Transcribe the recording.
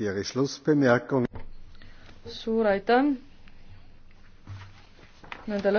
suur aitäh nende lõpphääletuste tulemuse eest!